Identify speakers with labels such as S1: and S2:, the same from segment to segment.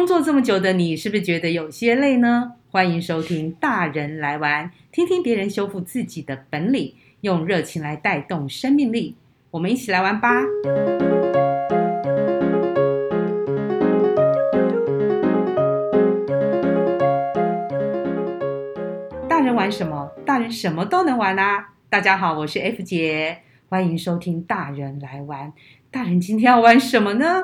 S1: 工作這麼久的你，是不是覺得有些累呢？歡迎收聽《大人來玩》，聽聽別人修復自己的本領，用熱情來帶動生命力。我們一起來玩吧！ 大人玩什麼？大人什麼都能玩啦、啊！大家好，我是 F 姐，歡迎收聽《大人來玩》。大人今天要玩什麼呢？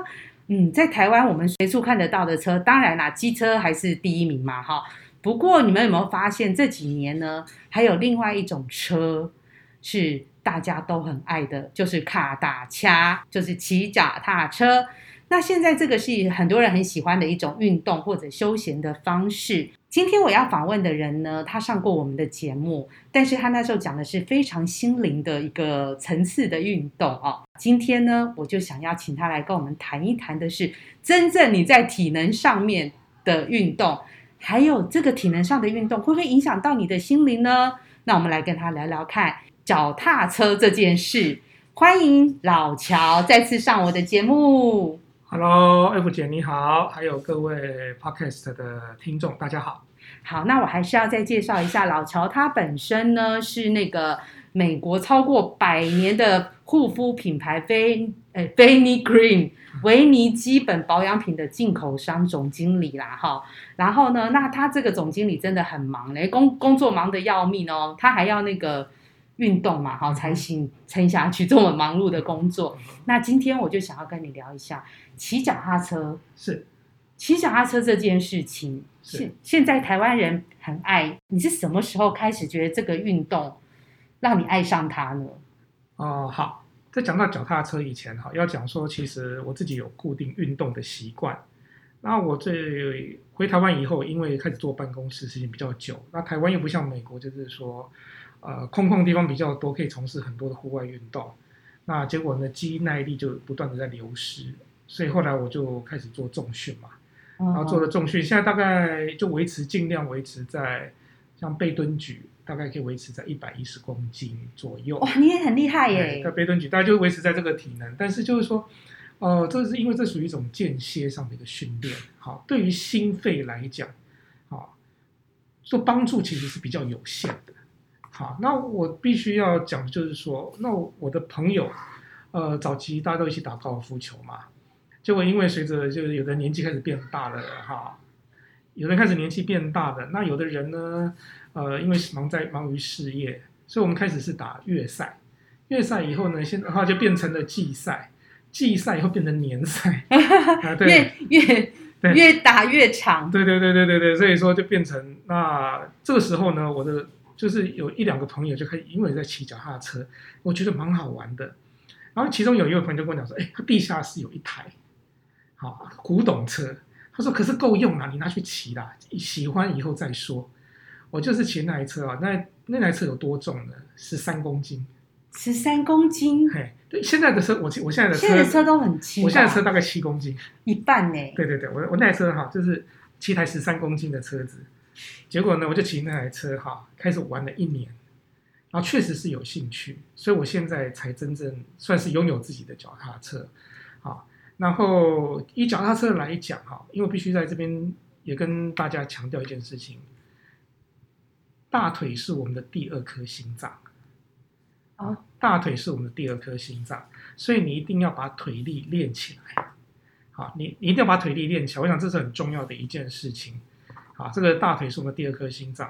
S1: 嗯，在台灣我們隨處看得到的車，當然啦，機車還是第一名嘛，哈。不過你們有沒有發現這幾年呢，還有另外一種車是大家都很愛的，就是卡達恰，就是騎腳踏車。那現在這個是很多人很喜歡的一種運動或者休閒的方式。今天我要訪問的人呢，他上過我們的節目，但是他那時候講的是非常心靈的一個層次的運動哦。今天呢，我就想要請他來跟我們談一談的是，真正你在體能上面的運動，還有這個體能上的運動會不會影響到你的心靈呢？那我們來跟他聊聊看腳踏車這件事。歡迎老喬再次上我的節目。Hello，F 姐你好，還有各位 Podcast 的聽眾，大家好。好，那我還是要再介紹一下老喬。他本身呢是那個美國超過百年的護膚品牌菲誒菲尼 Green 維尼基本保養品的進口商總經理啦，哈。然後呢，那他這個總經理真的很忙工、欸、工作忙得要命哦。他還要那個運動嘛，哈，才行撐下去這麼忙碌的工作。那今天我就想要跟你聊一下騎腳踏車，是騎腳踏車這件事情。現現在台灣人很
S2: 愛，你是什麼時候開始覺得這個運動讓你愛上它呢？哦、嗯，好。在講到腳踏車以前，哈，要講說，其實我自己有固定運動的習慣。那我這回台灣以後，因為開始坐辦公室時間比較久，那台灣又不像美國，就是說，呃，空曠地方比較多，可以從事很多的戶外運動。那結果呢，肌耐力就不斷的在流失，所以後來我就開始做重訓嘛。然後做了重訓，哦、現在大概就維持盡量維持在，像背蹲舉，大概可以維持在一百一十公斤左右。哇、哦，你也很厲害耶！對在背蹲舉，大概就維持在這個體能，但是就是說，哦、呃，這是因為這屬於一種間歇上的一個訓練，好，對於心肺來講，好、哦，這幫助其實是比較有限的。好，那我必須要講的就是說，那我的朋友，呃，早期大家都一起打高爾夫球嘛。結果因為隨着就是有的年紀開始變大了哈，有的開始年紀變大的，那有的人呢，呃，因為忙在忙於事業，所以我們開始是打月賽，月賽以後呢，現在的話就變成了季賽，季賽以後變成年賽，啊、對 越、越對越打越長，對對對對對對，所以說就變成那這個時候呢，我的就是有一兩個朋友就開始因為在騎腳踏車，我覺得蠻好玩的，然後其中有一位朋友就跟我講說，哎，他地下室有一台。古董車，他說：“可是夠用了啊，你拿去騎啦，喜歡以後再說。”我就是騎那台車啊，那那台車有多重呢？十三公斤。十三公斤？嘿，對，現在的車，我我現在的車現在的車都很輕，我現在的車大概七公斤，一半呢。對對對，我我那台車哈，就是騎台十三公斤的車子，結果呢，我就騎那台車哈，開始玩了一年，然後確實是有興趣，所以我現在才真正算是擁有自己的腳踏車。然後以腳踏車來講哈，因為我必須在這邊也跟大家強調一件事情，大腿是我們的第二顆心臟。啊，大腿是我們的第二顆心臟，所以你一定要把腿力練起來，好，你你一定要把腿力練起來，我想這是很重要的一件事情，好，這個大腿是我們的第二顆心臟，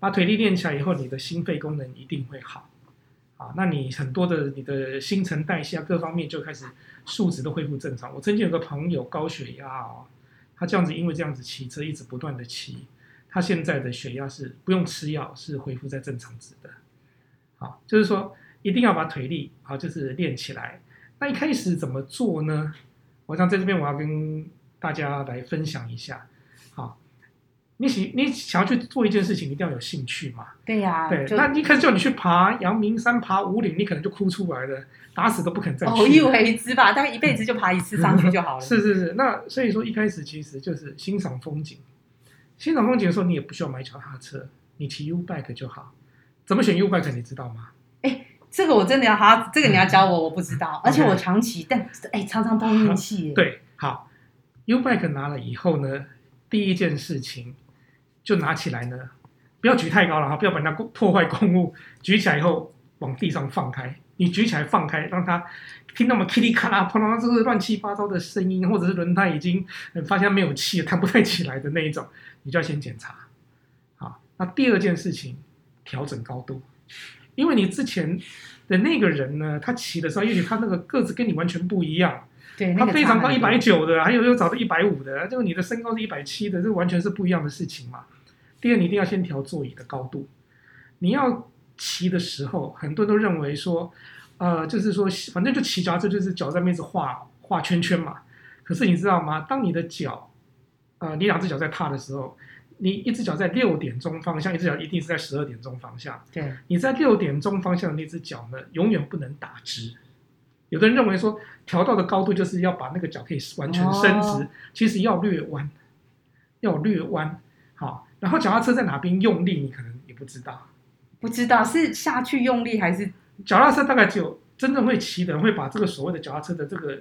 S2: 把腿力練起來以後，你的心肺功能一定會好。啊，那你很多的你的新陳代謝啊，各方面就開始數值都恢復正常。我曾經有個朋友高血壓啊、哦，他這樣子因為這樣子騎車一直不斷的騎，他現在的血壓是不用吃藥，是恢復在正常值的。好，就是說一定要把腿力好，就是練起來。那一開始怎麼做呢？我想在這邊我要跟大家來分享一下。你喜你想要去做一件事情，你一定要有興趣嘛對、
S1: 啊？對呀。對，就那一開
S2: 始叫你去爬陽明山、爬武嶺，你可能就哭出來了，打死都不肯再去。偶一、哦、為之吧，大概一輩子就爬一次上去就好了。 是是是，那所以說一開始其實就是欣賞風景。欣賞風景的時候，你也不需要買腳踏車，你騎 U bike 就好。怎麼選 U bike 你知道嗎？哎、欸，這個我真的要哈，這個你要教我，我不知道。嗯、而且我常騎，okay 但哎、欸、常常碰運氣。對，好，U bike 拿了以後呢，第一件事情，就拿起來呢，不要舉太高了哈，不要把它破壞公物，舉起來以後，往地上放開。你舉起來放開，讓它聽到嘛，噼里啪啦、砰隆，這個亂七八糟的聲音，或者是輪胎已經發現他沒有氣，彈不太起來的那一種，你就要先檢查。好，那第二件事情，調整高度，因為你之前的那個人呢，他騎的時候，因為他那個個子跟你完全不一樣，
S1: 對，他非常高，一百九的，還有
S2: 又找到一百五的，就你的身高是一百七的，這完全是不一樣的事情嘛。第二，你一定要先調座椅的高度。你要騎的時候，很多人都認為說，呃，就是說，反正就騎腳踏車就,就是腳在面上畫畫圈圈嘛。可是你知道嗎？當你的腳，呃，你兩只腳在踏的時候，你一只腳在六點鐘方向，一只腳一定是在十二點鐘方向。對。你在六點鐘方向的那只腳呢，永遠不能打直。有的人認為說，調到的高度就是要把那個腳可以完全伸直，哦、其實要略彎，要略彎。好，然後腳踏車在哪邊用力，你可能也不知道，不知道是下去用力還是腳踏車大概只有真正會騎的人會把這個所謂的腳踏車的這個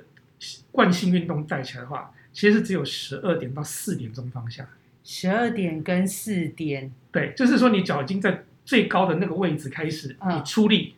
S2: 慣性運動帶起來的話，其實只有十二點到四點鐘方向，十二點跟四點，對，就是說你腳已經在最高的那個位置開始，嗯、你出力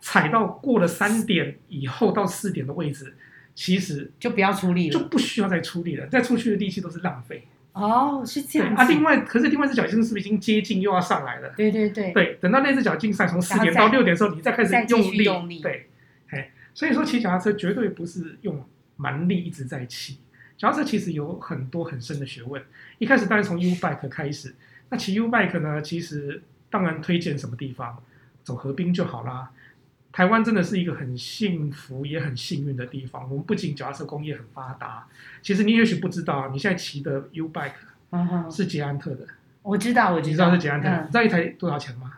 S2: 踩到過了三點以後到四點的位置，其實就不要出力了，就不需要再出力了，再出去的力氣都是浪費。哦，oh, 是這樣啊。另外，可是另外一隻腳筋是不是已經接近又要上來了？對對對，對，等到那隻腳筋在從四點到六點的時候，再你再開始用力。力對，嘿，所以說騎腳踏車絕對不是用蠻力一直在騎。腳、嗯、踏車其實有很多很深的學問。一開始當然從 U bike 開始，那騎 U bike 呢，其實當然推薦什麼地方，走河濱就好啦。台灣真的是一個很幸福也很幸運的地方。我們不僅腳踏車工業很發達，其實你也許不知道，你現在騎的 U-Bike、嗯、哼是捷安特的。我知道，我知道，知道是捷安特的。嗯、你知道一台多少錢嗎？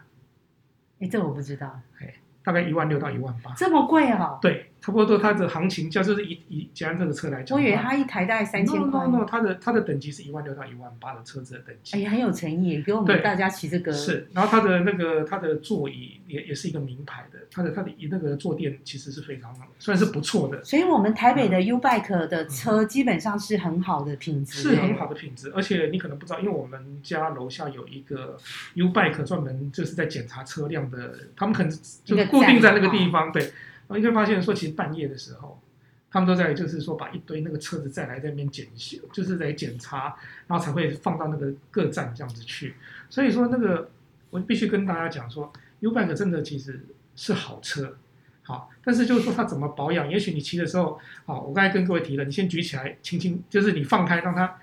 S2: 哎、欸，這個、我不知道。哎，大概一萬六到一萬八，這麼貴啊？對。差不多，它的行情價就是以以捷安特的車來講，我以為它一台大概三千塊。No no no 它的它的等級是一萬六到一萬八的車子的等級。哎呀，很有誠意，給我們大家騎這個。是，然後它的那個它的座椅也也是一個名牌的，它的它的那個坐墊其實是非常好，算是不錯的。
S1: 所以我們台北的 U Bike、嗯、的車基本上是很
S2: 好的品質。嗯、是很好的品質，嗯、而且你可能不知道，因為我們家樓下有一個 U Bike 專門就是在檢查車輛的，他們可能就固定在那個地方，對。我會發現說，其實半夜的時候，他們都在就是說，把一堆那個車子再來在那邊檢修，就是在檢查，然後才會放到那個各站這樣子去。所以說那個，我必須跟大家講說，Ubike 真的其實是好車，好，但是就是說它怎麼保養，也許你騎的時候，好，我剛才跟各位提了，你先舉起來，輕輕，就是你放開讓它。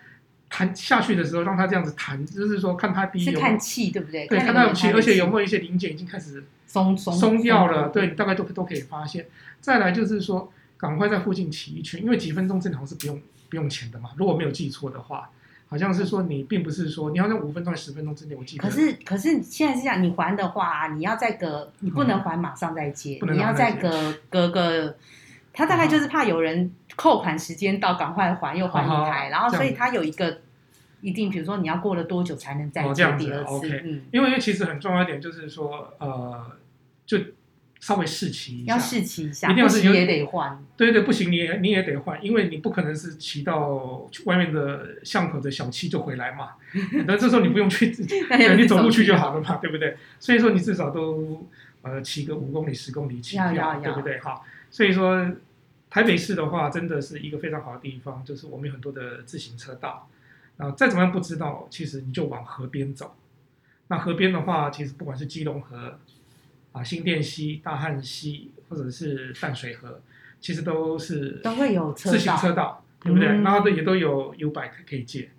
S2: 彈下去的時候，讓他這樣子彈，就是說看他第一是看氣，對
S1: 不對？對，看他有氣，而且有沒有
S2: 一些零件已經開始鬆鬆鬆，鬆掉了。嗯、對，你大概都都可以發現。再來就是說，趕快在附近騎一圈，因為幾分鐘正常是不用不用錢的嘛。如果沒有記錯的話，好像是說你並不是說你要在五分鐘、十分鐘之內。我記可是
S1: 可是現在是這樣，你還的話，你要再隔，你不能還馬上再接，嗯、再接你要再隔隔隔。隔嗯、他大概就是怕有人。扣款時間到，趕快還，又還不開。然後所以它有一個一定，比如說你要過了多久才能再這樣子。嗯，
S2: 因為其實很重要一點就是說，呃，就稍微試騎一下，要試騎一下，要是也得換。對對，不行你也你也得換，因為你不可能是騎到外面的巷口的小七就回來嘛。那這時候你不用去，你走路去就好了嘛，對不對？所以說你至少都呃騎個五公里、十公里騎一下，對不對？好，所以說。台北市的話，真的是一個非常好的地方，就是我們有很多的自行車道。然後再怎麼樣不知道，其實你就往河邊走。那河邊的話，其實不管是基隆河啊、新店溪、大漢溪，或者是淡水河，其實都是都會有自行車道，對不對？嗯、然後也都有 Ubike 可以借。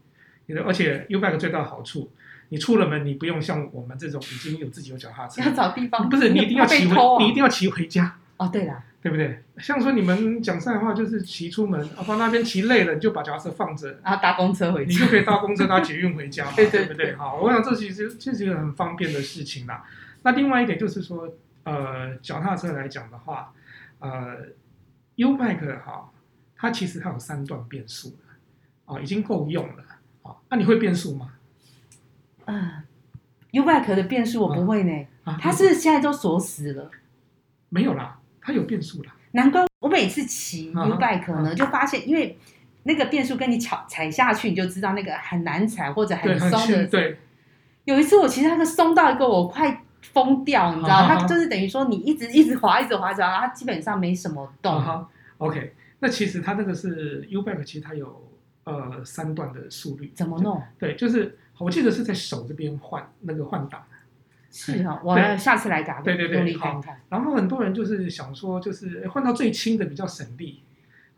S2: 而且 Ubike 最大的好處，你出了門，你不用像我們這種已經有自己有腳踏車，要找地方，不是你一定要騎回，哦、你一定要騎回家。哦，對了，對不對？像說你們講實在話，就是騎出門，啊，放那邊騎累了，就把腳踏車放着，啊，搭公車回去，你就可以搭公車搭捷運回家，對 對不對？好，我想這其實這是一個很方便的事情啦。那另外一點就是說，呃，腳踏車來講的話，呃，Ubike 哈、哦，它其實它有三段變速的，哦，已經夠用了。好、哦，那、啊、你會變速嗎？嗯、呃、，Ubike 的變速我不會呢，啊啊、它是，是現在都鎖死了，沒有啦。它有
S1: 變速啦，難怪我每次騎 Ubike 呢，啊、哈就發現因為那個變速跟你踩踩，下去，你就知道那個很難踩或者很鬆的。對，有一次我騎那個鬆到一個我快瘋掉，你知道，它就是等於說你一直一直滑，一直滑着，然後基
S2: 本上沒什麼動、啊哈啊哈。OK，那其實它這個是 Ubike，其實它有呃三段的速率。怎麼弄？對，就是我記得是在手這邊換那個換擋。是哦，嗯、我下次來打對對對看，然後很多人就是想說，就是換到最輕的比較省力。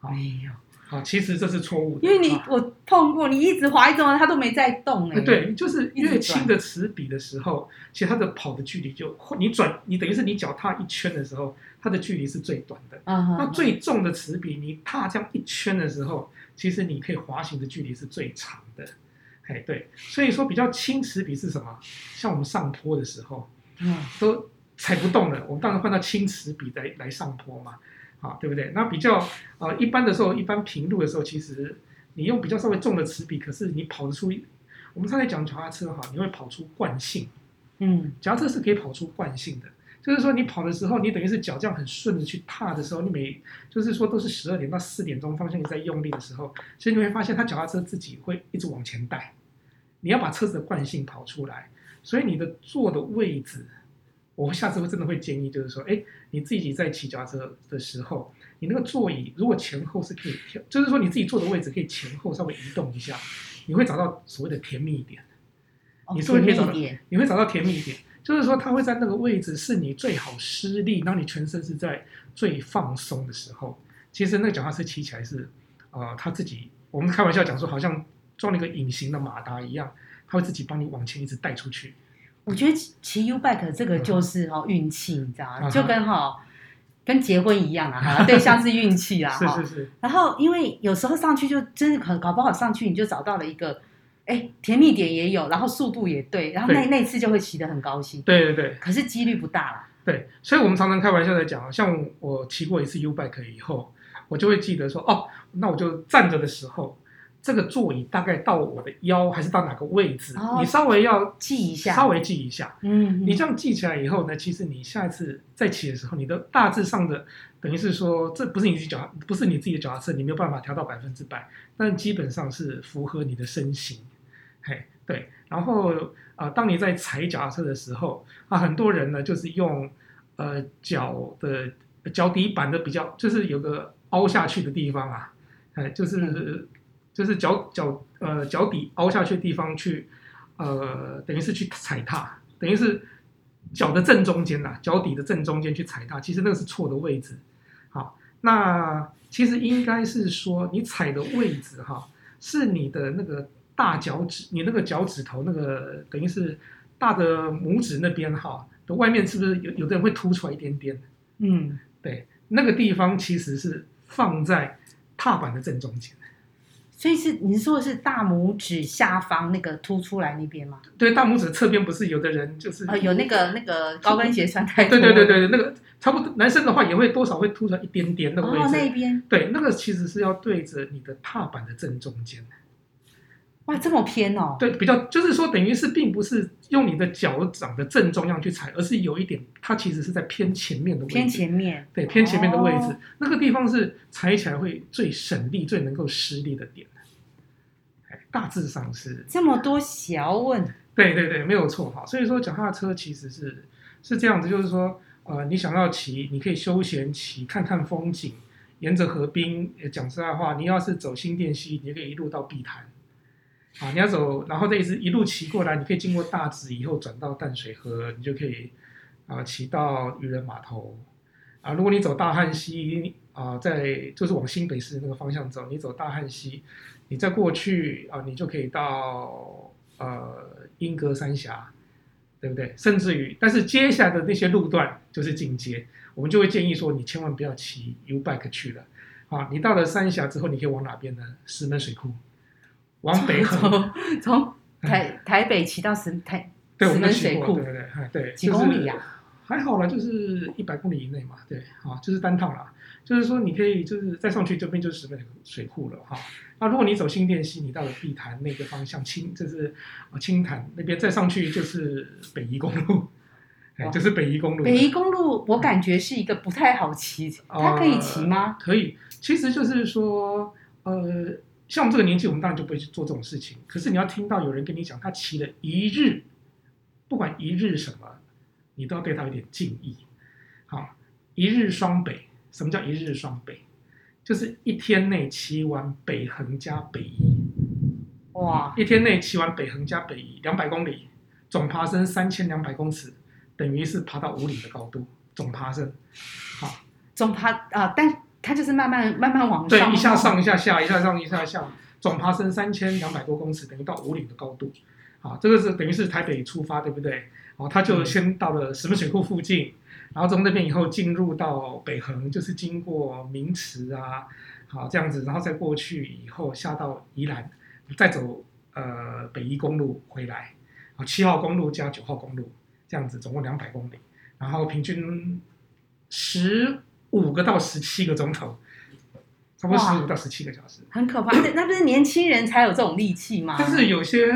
S2: 哎呦，沒有好，其實這是錯誤的。因為你、
S1: 啊、我碰過，你一直滑一動，它都沒在動哎、欸。對，就是越輕的
S2: 齒比的時候，其實它的跑的距離就，你轉你等於是你腳踏一圈的時候，它的距離是最短的。啊、哼那最重的齒比，你踏這樣一圈的時候，其實你可以滑行的距離是最長的。哎，hey, 對，所以說比較輕齒比是什麼？像我們上坡的時候，嗯，都踩不動了，我們當然換到輕齒比來來上坡嘛，好，對不對？那比較，啊、呃、一般的時候，一般平路的時候，其實你用比較稍微重的齒比，可是你跑得出，我們剛才講腳踏車哈，你會跑出慣性，嗯，腳踏車是可以跑出慣性的。就是說，你跑的時候，你等於是腳這樣很順的去踏的時候，你每就是說都是十二點到四點鐘方向你在用力的時候，所以你會發現他腳踏車自己會一直往前帶。你要把車子的慣性跑出來，所以你的坐的位置，我下次會真的會建議，就是說，哎，你自己在騎腳踏車的時候，你那個座椅如果前後是可以調，就是說你自己坐的位置可以前後稍微移動一下，你會找到所謂的甜蜜一點。哦，你可以找到甜蜜一點。你會找到甜蜜一點。就是說，他會在那個位置是你最好施力，讓你全身是在最放鬆的時候。其實那腳踏車騎起來是，呃，他自己，我們開玩笑講說，好像裝了一個隱形的馬達一樣，他會自己幫你往前一直帶出去。
S1: 我覺得騎 Ubike 這個就是、哦啊、哈運氣，你知道嗎，就跟、哦啊、哈跟結婚一樣啊，啊哈對象是運氣啊、哦，是是是。然後因為有時候上去就真的搞搞不好上去，你就找到了一個，哎，甜蜜點也有，然後速度也對，然後那對那次就會騎
S2: 得很高興。對對對，可是幾率不大啦。對，所以我們常常開玩笑在講，像我騎過一次 Ubike 以後，我就會記得說，哦，那我就站着的時候，這個座椅大概到我的腰還是到哪個位置？哦、你稍微要記一下，稍微記一下。嗯，嗯，你這樣記起來以後呢，其實你下一次再騎的時候，你的大致上的等於是說，這不是你自己腳，不是你自己的腳踏車，你沒有辦法調到百分之百，但基本上是符合你的身形。嘿，hey, 對，然後呃，當你在踩腳踏車的時候，啊，很多人呢就是用呃腳的腳底板的比較，就是有個凹下去的地方啊，哎，就是就是腳腳呃腳底凹下去的地方去，呃，等於是去踩踏，等於是腳的正中間吶、啊，腳底的正中間去踩踏，其實那個是錯的位置。好，那其實應該是說你踩的位置哈、啊，是你的那個。大腳趾，你那個腳趾頭那個等於是大的拇指那邊哈，的外面是不是有有的人會凸出來一點點？嗯，對，那個地方其實是放在踏板的正中間。所以是你說的是大拇指下方那個凸出來那邊嗎？對，大拇指側邊不是有的人就是、哦、有那個
S1: 那個高跟鞋穿太多。對對
S2: 對對，那個差不多，男生的話也會多少會凸出來一點點的位置。哦，那邊。對，那個其實是要對着你的踏板的正中間。
S1: 哇，這麼偏哦！
S2: 對，比較就是說，等於是並不是用你的腳掌的正中央去踩，而是有一點，它其實是在偏前面的位置。偏前面。對，偏前面的位置，哦、那個地方是踩起來會最省力、最能夠施力的點。大致上是。這麼多學問。對對對，沒有錯哈。所以說，腳踏車其實是是這樣子，就是說，呃，你想要騎，你可以休閒騎，看看風景，沿着河濱。講實在話，你要是走新店溪，你也可以一路到碧潭。啊，你要走，然後再一直一路騎過來，你可以經過大直以後轉到淡水河，你就可以啊、呃、騎到漁人碼頭。啊，如果你走大漢溪，啊，在就是往新北市那個方向走，你走大漢溪，你再過去啊，你就可以到呃鶯歌三峽，對不對？甚至於，但是接下來的那些路段就是進階，我們就會建議說你千萬不要騎 U-Bike 去了。啊，你到了三峽之後，你可以往哪邊呢？石門水庫。往北走，從台台北騎到石門台，對，石門水庫，我們騎過對對對，對幾公里呀？、啊？還好了，就是一百公里以內嘛，對，好，就是單趟了。就是說，你可以就是再上去這邊就是石門水庫了，哈、嗯。那如果你走新店溪，你到了碧潭那個方向，青就是青潭那邊，再上去就是北宜公路，嗯、就是北宜公路。哦嗯、北宜公路，我感覺是一個不太好騎，嗯、它可以騎嗎、呃？可以，其實就是說，呃。像我們這個年紀，我們當然就不會去做這種事情。可是你要聽到有人跟你講，他騎了一日，不管一日什麼，你都要對他有點敬意。好，一日雙北，什麼叫一日雙北？就是一天內騎完北橫加北宜。哇、嗯，一天內騎完北橫加北宜，兩百公里，總爬升三千兩百公尺，等於是爬到五里的高度，總爬升。好，總爬
S1: 啊、呃，但。它就是慢慢慢慢往上，啊，對，一下上
S2: 一下下，一下上一下下，總爬升三千兩百多公尺，等於到武嶺的高度，啊，這個是等於是台北出發，對不對？哦，他就先到了石門水庫附近，然後從那邊以後進入到北橫，就是經過明池啊，好，這樣子，然後再過去以後下到宜蘭，再走呃北宜公路回來，啊七號公路加九號公路這樣子，總共兩百公里，然後平均十。五個到十七個鐘頭，差不多十五到十七個小時，
S1: 很可怕。那不是年輕人才有這種力氣嗎？ 但是有
S2: 些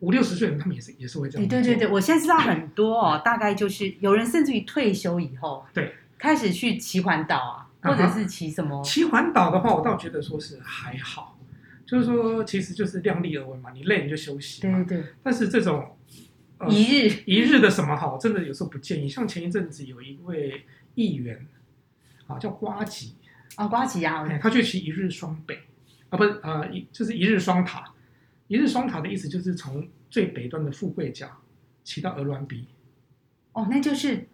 S2: 五六十歲人，他們也是也是會這樣。對，對對
S1: 對，我現在知道很多哦， 大概就是有人甚至於退休以後，對，開始去騎環島
S2: 啊，或者是騎什麼？啊、騎環島的話，我倒覺得說是還好，嗯、就是說其實就是量力而為嘛，你累你就休息。對對，但是這種、呃、一日一日的什麼好，我真的有時候不建議。像前一陣子有一位議員。叫瓜吉、哦、吉啊，瓜吉啊，他去騎一日雙北啊，不是啊，一、呃、就是一日雙塔，一日雙塔的意思就是從最北端的富貴角騎到鵝鑾鼻，哦，那就是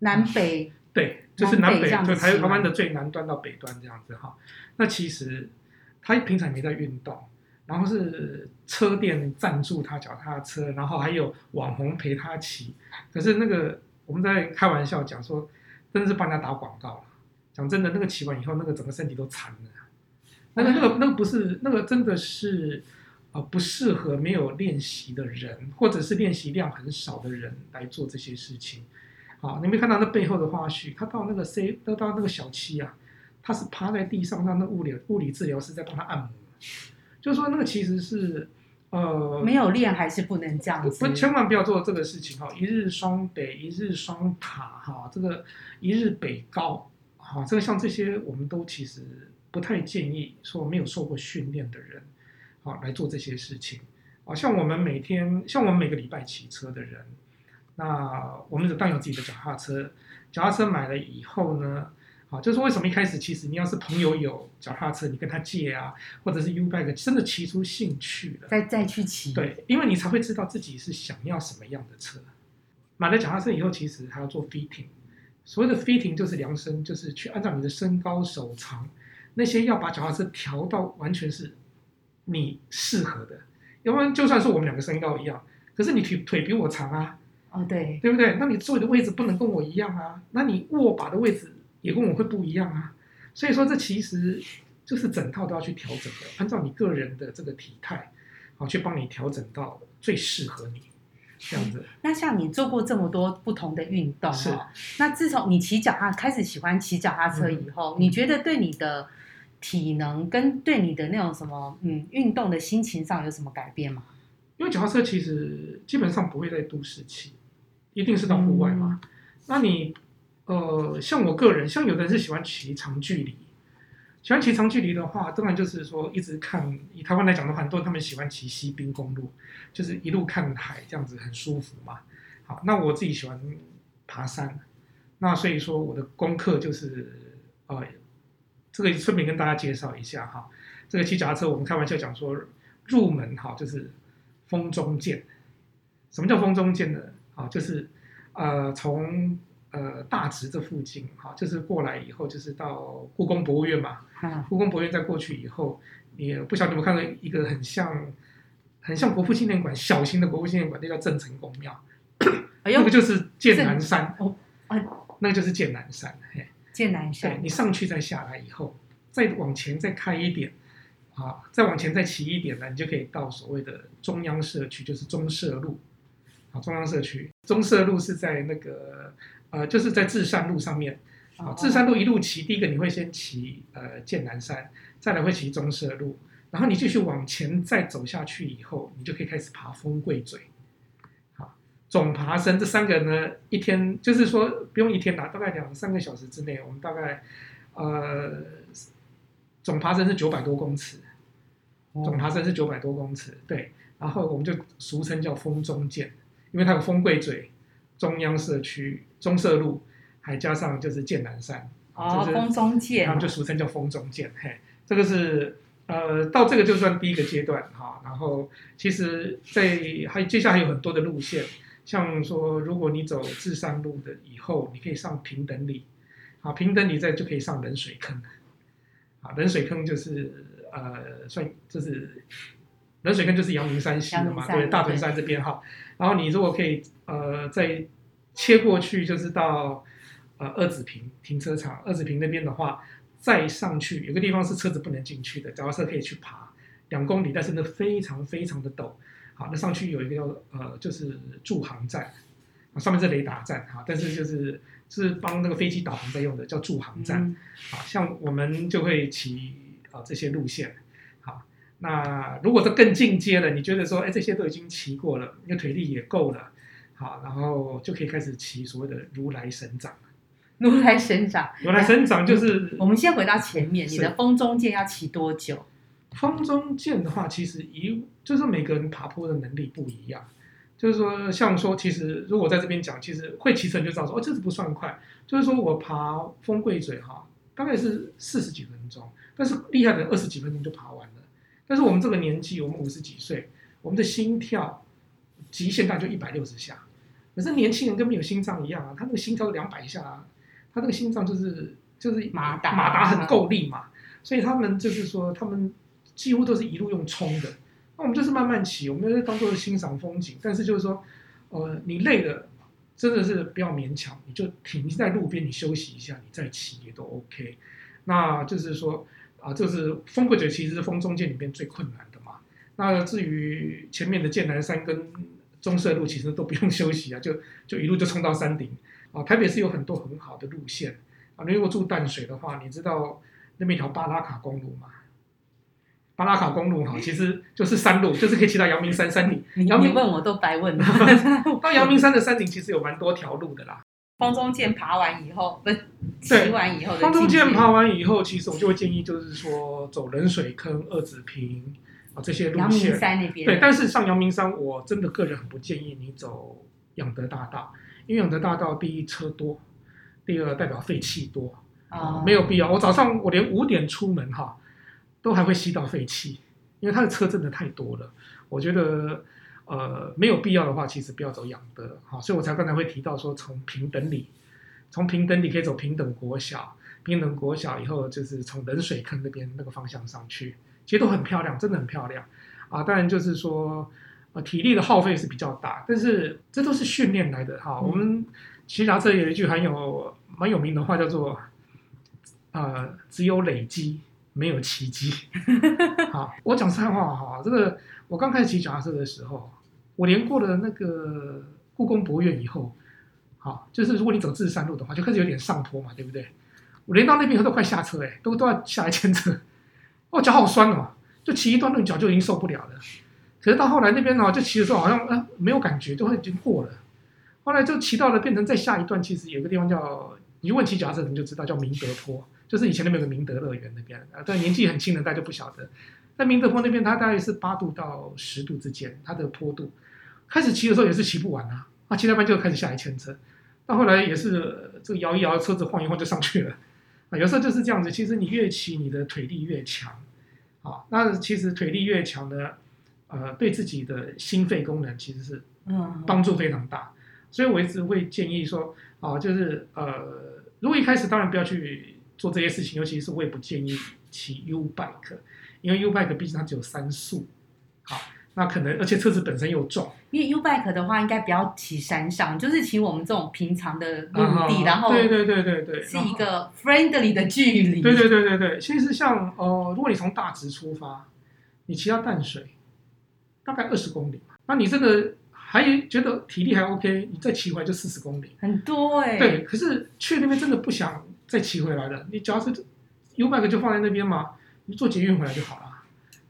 S2: 南北、嗯、對，就是南北，南北就，他就台灣的最南端到北端這樣子哈。那其實他平常沒在運動，然後是車店贊助他腳踏車，然後還有網紅陪他騎。可是那個我們在開玩笑講說，真的是幫他打廣告。講真的，那個騎完以後，那個整個身體都殘了。那個、那個、那個不是那個，真的是、呃，不適合沒有練習的人，或者是練習量很少的人來做這些事情。好、哦，你沒看到那背後的花絮？他到那個 C，到到那個小七啊，他是趴在地上，讓那物理物理治療師在幫他按摩。就是、說那個其實是，呃，沒有練還是不能這樣子。不，千萬不要做這個事情哈！一日雙北，一日雙塔哈，這個一日北高。好，這個像這些，我們都其實不太建議說沒有受過訓練的人，好來做這些事情。啊，像我們每天，像我們每個禮拜騎車的人，那我們當然有自己的腳踏車。腳踏車買了以後呢，好，就是為什麼一開始，其實你要是朋友有腳踏車，你跟他借啊，或者是 Ubike，真的騎出興趣了，再再去騎，對，因為你才會知道自己是想要什麼樣的車。買了腳踏車以後，其實還要做 fitting。所謂的 fitting 就是量身，就是去按照你的身高、手長，那些要把腳踏車調到完全是你適合的。要不然就算是我們兩個身高一樣，可是你腿腿比我長啊，哦對，對不對？那你坐的位置不能跟我一樣啊，那你握把的位置也跟我會不一樣啊。所以說這其實就是整套都要去調整的，按照你個人的這個體態，好，去幫你調整到最適合你。這樣子，那像你做過這麼
S1: 多不同的運動哦、啊，是那自從你騎腳踏開始喜歡騎腳踏車以後，嗯、你覺得對你的體能跟對你的那種什麼嗯運動
S2: 的心情上有什麼改變嗎？因為腳踏車其實基本上不會在都市騎，一定是到戶外嘛。嗯、那你呃，像我個人，像有的人是喜歡騎長距離。喜歡騎長距離的話，當然就是說一直看。以台灣來講的話，都他們喜歡騎西濱公路，就是一路看海，這樣子很舒服嘛。好，那我自己喜歡爬山，那所以說我的功課就是，呃，這個順便跟大家介紹一下哈。這個騎腳踏車，我們開玩笑講說入門哈，哦，就是風中劍。什麼叫風中劍呢？啊，哦，就是呃從。呃、大直這附近哈，就是過來以後，就是到故宮博物院嘛。啊、故宮博物院再過去以後，你不曉得有沒有看到一個很像，很像國父紀念館小型的國父紀念館，那叫鄭成功廟。哎呦。那個就是劍南山。哦。哎、那個就是劍南山。嘿。劍南山。對，你上去再下來以後，再往前再開一點，啊，再往前再騎一點呢，你就可以到所謂的中央社區，就是中社路。啊，中央社區，中社路是在那個。呃、就是在至善路上面，至善路一路騎，第一個你會先騎呃劍南山，再來會騎中社路，然後你繼續往前再走下去以後，你就可以開始爬風櫃嘴。總爬升這三個人呢，一天就是說不用一天的，大概兩三個小時之內，我們大概呃總爬升是九百多公尺，總爬升是九百多，嗯、多公尺，對，然後我們就俗稱叫風中劍，因為它有風櫃嘴。中央社區、中社路，還加上就是劍南山，哦，風是中劍，他們就俗稱叫風中劍。嘿，這個是呃，到這個就算第一個階段哈、哦。然後，其實在還接下來有很多的路線，像說如果你走至善路的以後，你可以上平等里，啊、哦，平等里再就可以上冷水坑，啊、哦，冷水坑就是呃算就是冷水坑就是陽明山系了嘛，對，對大屯山這邊哈。哦然後你如果可以，呃，再切過去就是到呃二子坪停車場，二子坪那邊的話，再上去有個地方是車子不能進去的，腳踏車可以去爬兩公里，但是那非常非常的陡。好，那上去有一個叫呃，就是駐航站，上面是雷達站哈，但是就是、就是幫那個飛機導航在用的，叫駐航站。啊，像我們就會騎啊、呃、這些路線。那如果是更進階了，你覺得說，哎、欸，這些都已經騎過了，因為腿力也夠了，好，然後就可以開始騎所謂的如來神掌。
S1: 如來神掌，如來神掌就是、嗯。
S2: 我們先回到前面，是你的風中劍要騎多久？風中劍的話，其實一就是每個人爬坡的能力不一樣，就是說，像說，其實如果在這邊講，其實會騎車就知道說，哦，這次不算快，就是說我爬風櫃嘴哈，大概是四十幾分鐘，但是厲害的二十幾分鐘就爬完。但是我們這個年紀，我們五十幾歲，我們的心跳極限大概就一百六十下。可是年輕人跟沒有心臟一樣啊，他那個心跳是兩百下啊，他這個心臟就是就是馬達馬達很夠力嘛，所以他們就是說，他們幾乎都是一路用衝的。那我們就是慢慢騎，我們就是當做是欣賞風景。但是就是說，呃，你累了，真的是不要勉強，你就停在路邊，你休息一下，你再騎也都 OK。那就是說。啊，就是風櫃嘴，其實是風中劍裡面最困難的嘛。那至於前面的劍南山跟中社路，其實都不用休息啊，就就一路就衝到山頂。啊，台北是有很多很好的路線啊。你如果住淡水的話，你知道那邊一條巴拉卡公路嗎？巴拉卡公路哈、啊，其實就是山路，嗯、就是可以騎到陽明山山頂。明你明問我都白問了。 到陽明山的山頂其實有蠻多條路的啦。
S1: 風中劍爬完以後，不、嗯，是，騎完以後。風中劍爬完
S2: 以後，其實我就會建議，就是說走冷水坑、二子坪啊這些路線。陽明山那邊。對，但是上陽明山，我真的個人很不建議你走仰德大道，因為仰德大道第一車多，第二代表廢氣多啊，嗯 oh. 沒有必要。我早上我連五點出門哈，都還會吸到廢氣，因為他的車真的太多了。我覺得。呃，沒有必要的話，其實不要走仰德哈，所以我才剛才會提到說，從，從平等裡，從平等裡可以走平等國小，平等國小以後就是從冷水坑那邊那個方向上去，其實都很漂亮，真的很漂亮啊。當然就是說，呃，體力的耗費是比較大，但是這都是訓練來的哈。嗯，我們其實拿這有一句很有很有名的話叫做，呃，只有累積。沒有奇蹟。 我講實話哈，這個我剛開始騎腳踏車的時候，我連過了那個故宮博物院以後，好，就是如果你走至善路的話，就開始有點上坡嘛，對不對？我連到那邊都快下車誒，都都要下來牽車，我、哦、腳好酸了嘛，就騎一段路腳就已經受不了了。可是到後來那邊呢，就騎的時候好像呃沒有感覺，都已經過了。後來就騎到了變成再下一段，其實有個地方叫，你問騎腳踏車你就知道，叫明德坡。就是以前那邊有個明德樂園那邊啊對，年紀很輕的大家不曉得，在明德坡那邊，它大概是八度到十度之間，它的坡度開始騎的時候也是騎不完啊，啊騎到一半就開始下來牽車，到後來也是這個搖一搖車子晃一晃就上去了，啊有時候就是這樣子，其實你越騎你的腿力越強啊，那其實腿力越強的呃對自己的心肺功能其實是嗯幫助非常大，所以我一直會建議說啊，就是呃如果一開始當然不要去。做這些事情，尤其是我也不建議騎 Ubike，因為 Ubike 畢竟它只有三速，好，那可能，而且車子本身又重。
S1: 因為 Ubike 的話，應該不要騎山上，就
S2: 是騎我們這種平常的陸地，uh、huh, 然後、uh、huh, 對對對對對，是一個 friendly、uh huh、的距離。對對對對對，其實像哦、呃，如果你從大直出發，你騎到淡水，大概二十公里，那你這個還覺得體力還 OK，你再騎回來就四十公里，很
S1: 多哎、欸。對，
S2: 可是去那邊真的不想。再騎回來的，你只要是 Ubike 就放在那邊嘛，你坐捷運回來就好了。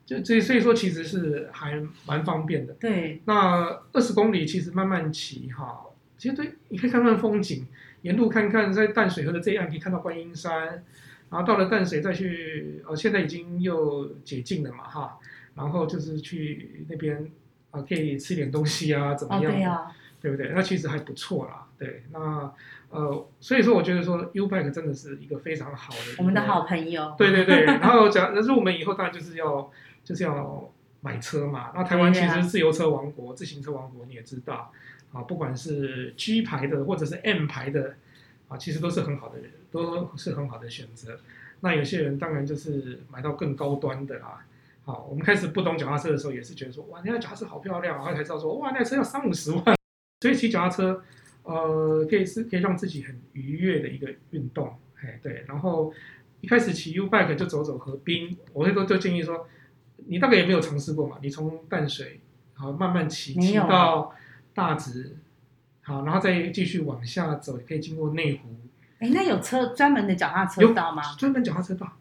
S2: 就這所以說其實是還蠻方便的。對，那二十公里其實慢慢騎哈，其實對，你可以看看風景，沿路看看，在淡水河的這一岸可以看到觀音山，然後到了淡水再去呃、哦、現在已經又解禁了嘛哈，然後就是去那邊啊，可以吃點東西啊怎麼樣對不對？那其實還不錯啦。對，那呃，所以說我覺得說 Ubike 真的是一個非常好的，我們的好朋友。對對對。 然後講，那入門以後當然就是要就是要買車嘛。那台灣其實自由車王國，對對啊、自行車王國你也知道啊，不管是 G 牌的或者是 M 牌的啊，其實都是很好的，都是很好的選擇。那有些人當然就是買到更高端的啦。好，我們開始不懂腳踏車的時候也是覺得說哇，那家腳踏車好漂亮，然後才知道說哇，那車要三五十萬。所以騎腳踏車，呃，可以是可以讓自己很愉悅的一個運動，哎，對。然後一開始騎 U bike 就走走河濱，我那時候就建議說，你大概也沒有嘗試過嘛，你從淡水然後慢慢騎騎到大直，好，然後再繼續往下走，可以經過內湖。哎、欸，那有車專門的腳踏車道嗎？專門腳踏車道，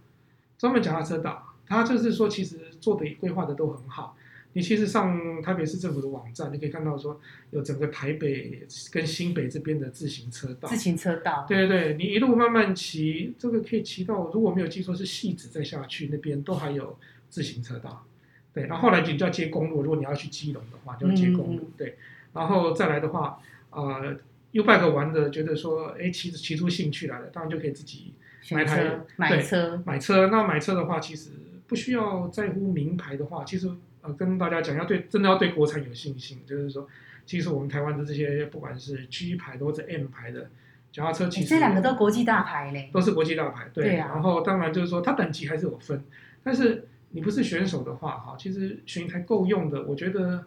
S2: 專門腳踏車道，它就是說其實做的規劃的都很好。你其實上台北市政府的網站，你可以看到說有整個台北跟新北這邊的自行車道。自行車道。對對對，你一路慢慢騎，這個可以騎到，如果沒有記錯是汐止再下去那邊都還有自行車道。對，然後後來你就要接公路，如果你要去基隆的話，就要接公路。嗯嗯對，然後再來的話，啊、呃、Ubike 玩的覺得說，哎，騎着騎出興趣來了，當然就可以自己買台，對，買車，買車。對買車，那買車的話，其實不需要在乎名牌的話，其實。呃、跟大家講，要對真的要對國產有信心，就是說，其實我們台灣的這些不管是 G 牌的或者 M 牌的腳踏車，其實、欸、這兩個都，都是國際大牌嘞，都是國際大牌。對。對啊、然後，當然就是說，它等級還是有分，但是你不是選手的話，哈，其實選一台夠用的，我覺得，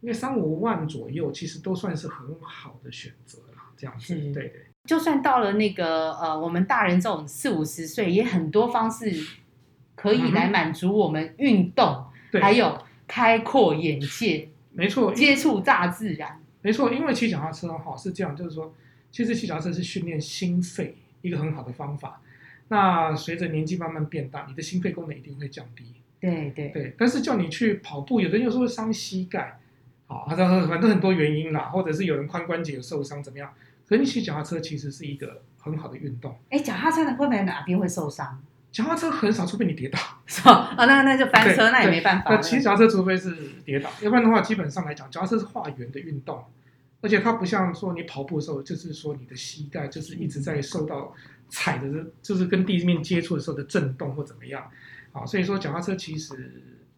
S2: 應該三五萬左右，其實都算是很好的選擇啦，這樣子，是對，對
S1: 對。就算到了那個呃，我們大人這種四五十歲，也很多方式可以來滿足我們運動，嗯、還有。對
S2: 開闊眼界，沒錯，接觸大自然，沒錯。因為騎腳踏車哈是這樣，就是說，其實騎腳踏車是訓練心肺一個很好的方法。那隨着年紀慢慢變大，你的心肺功能一定會降低。對對對。但是叫你去跑步，有的人又說傷膝蓋，啊、哦，反正很多原因啦，或者是有人髖關節有受傷怎麼樣？可你騎腳踏車其實是一個很好的運動。
S1: 哎，腳踏車的後面哪
S2: 邊會受傷？腳踏車很少，除非你跌倒，是吧？哦，那那就翻車，對那也沒辦法。對那騎腳踏車除非是跌倒，要不然的話， 基本上來講，腳踏車是畫圓的運動，而且它不像說你跑步的時候，就是說你的膝蓋就是一直在受到踩的，嗯、就是跟地面接觸的時候的震動或怎麼樣。啊，所以說腳踏車其實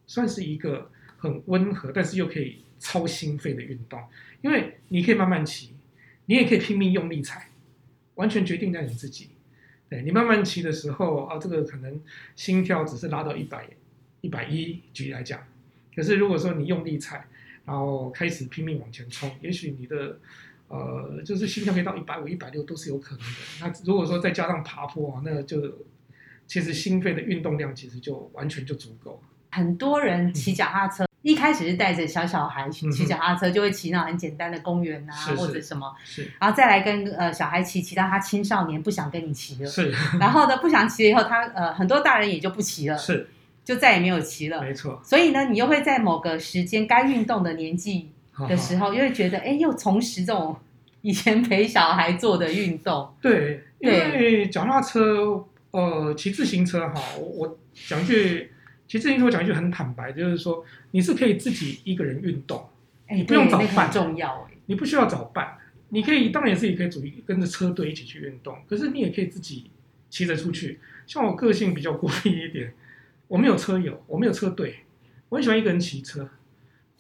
S2: 算是一個很溫和，但是又可以操心肺的運動，因為你可以慢慢騎，你也可以拼命用力踩，完全決定在你自己。你慢慢騎的時候啊，這個可能心跳只是拉到一百、一百一，舉例來講。可是如果說你用力踩，然後開始拼命往前衝，也許你的呃，就是心跳可以到一百五、一百六都是有可能的。那如果說再加上爬坡啊，那就其實心肺的運動量其實就完全就足夠。很多人騎腳踏車。嗯。
S1: 一開始是帶着小小孩去騎腳踏車，嗯、哼就會騎那種很簡單的公園啊，是是，或者什麼，是是，然後再來跟呃小孩騎，騎到他青少年不想跟你騎了，是。然後呢，不想騎了以後，他呃很多大人也就不騎了，是，就再也沒有騎了。沒錯 錯。所以呢，你又會在某個時間該運動的年紀的時候，哦哦又會覺得，哎、欸，又重拾這種以前陪小孩做的運動。
S2: 對，對因為腳踏車，呃，騎自行車哈，我講句。其實你跟我講一句很坦白，就是說你是可以自己一個人運動，哎、你不用找伴，重要對你不需要找伴，對你可以對當然也是自己可以組跟着車隊一起去運動，對可是你也可以自己騎着出去。像我個性比較孤僻一點，我沒有車友，我沒有車隊，我很喜歡一個人騎車。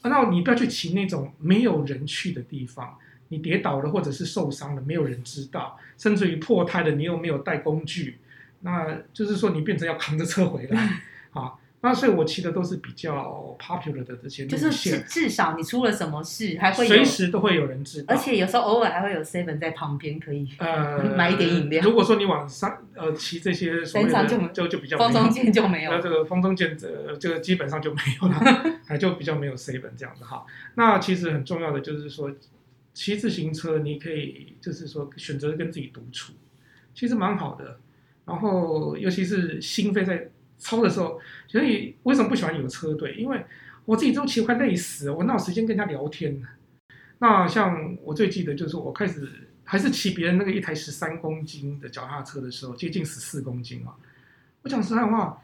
S2: 那你不要去騎那種沒有人去的地方，你跌倒了或者是受傷了，沒有人知道，甚至於破胎了，你又沒有帶工具，那就是說你變成要扛着車回來啊。對好那所以，我騎的都是比較 popular 的這些路線，就是
S1: 至少你出了什麼事，還會有隨時都會有人知道。而且有時候偶爾還會
S2: 有 Seven 在旁邊，可以呃買一點飲料。如果說你往上呃騎這些所謂的，所以就就就比較風中劍就沒有。那這個風中劍這這個基本上就沒有了， 還就比較沒有 Seven 這樣子哈。那其實很重要的就是說，騎自行車你可以就是說選擇跟自己獨處，其實蠻好的。然後尤其是心肺在。抽的時候，所以為什麼不喜歡有車隊？因為我自己都騎快累死了，我哪有時間跟他聊天呢？那像我最記得就是說我開始還是騎別人那個一台十三公斤的腳踏車的時候，接近十四公斤啊。我講實在話，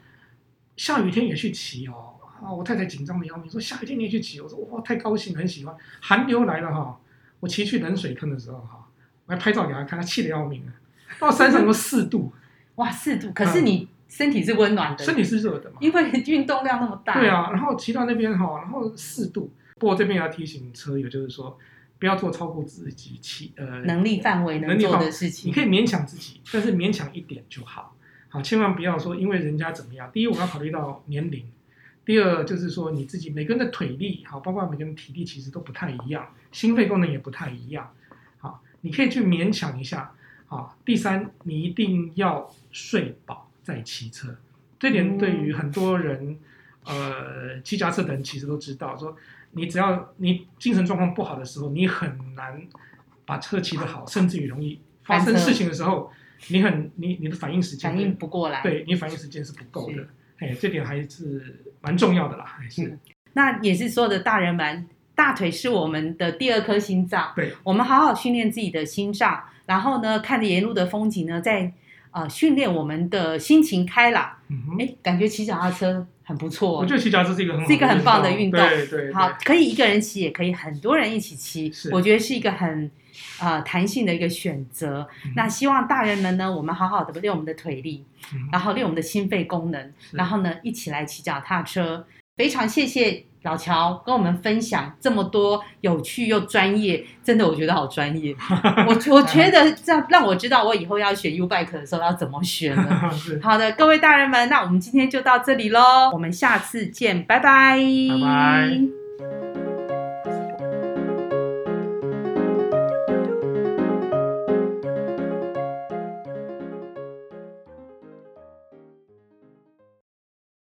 S2: 下雨天也去騎哦、喔。啊，我太太緊張的要命，說下雨天你也去騎？我說哇，太高興很喜歡。寒流來了哈，我騎去冷水坑的時候哈，我還拍照給他看，他氣得要命啊。到山上都四度， 哇四度，可是你。啊身體是溫暖的、嗯，身體是熱的嘛？
S1: 因為運動量那麼大。對啊，然
S2: 後騎到那邊哈，然後適度。不過這邊也要提醒車友，就是說不要做超過自己騎呃能力範圍能做的事情。你可以勉強自己，但是勉強一點就好。好，千萬不要說因為人家怎麼樣。第一，我要考慮到年齡；第二，就是說你自己每個人的腿力好，包括每個人體力其實都不太一樣，心肺功能也不太一樣。好，你可以去勉強一下。好，第三，你一定要睡飽。在騎車，這點對於很多人，嗯、呃，騎家車的人其實都知道。說你只要你精神狀況不好的時候，你很難把車騎得好，啊、甚至於容易發生事情的時候，你很你你的反應時間反應不過來，對你反應時間是不夠的。哎是，這點還是蠻重要的啦，還是。嗯、
S1: 那也是所有的，大人們大腿是我們的第二顆心臟。對，我們好好訓練自己的心臟，然後呢，看着沿路的風景呢，在。啊、呃，訓練我們的心情開朗，哎、嗯哼，感覺騎腳踏車很不錯。我覺得騎腳
S2: 踏車是一個很棒的運動，對，對，對，好，
S1: 可以一個人騎，也可以很多人一起騎。是我覺得是一個很啊、呃、彈性的一個選擇。嗯、那希望大人們呢，我們好好的練我們的腿力，嗯、哼然後練我們的心肺功能，是然後呢，一起來騎腳踏車。非常謝謝老喬跟我們分享這麼多有趣又專業，真的我覺得好專業。 我我覺得這樣讓我知道我以後要選 Ubike 的時候要怎麼選呢。 好的，各位大人們，那我們今天就到這裡嘍，我們下次見，拜拜。拜拜。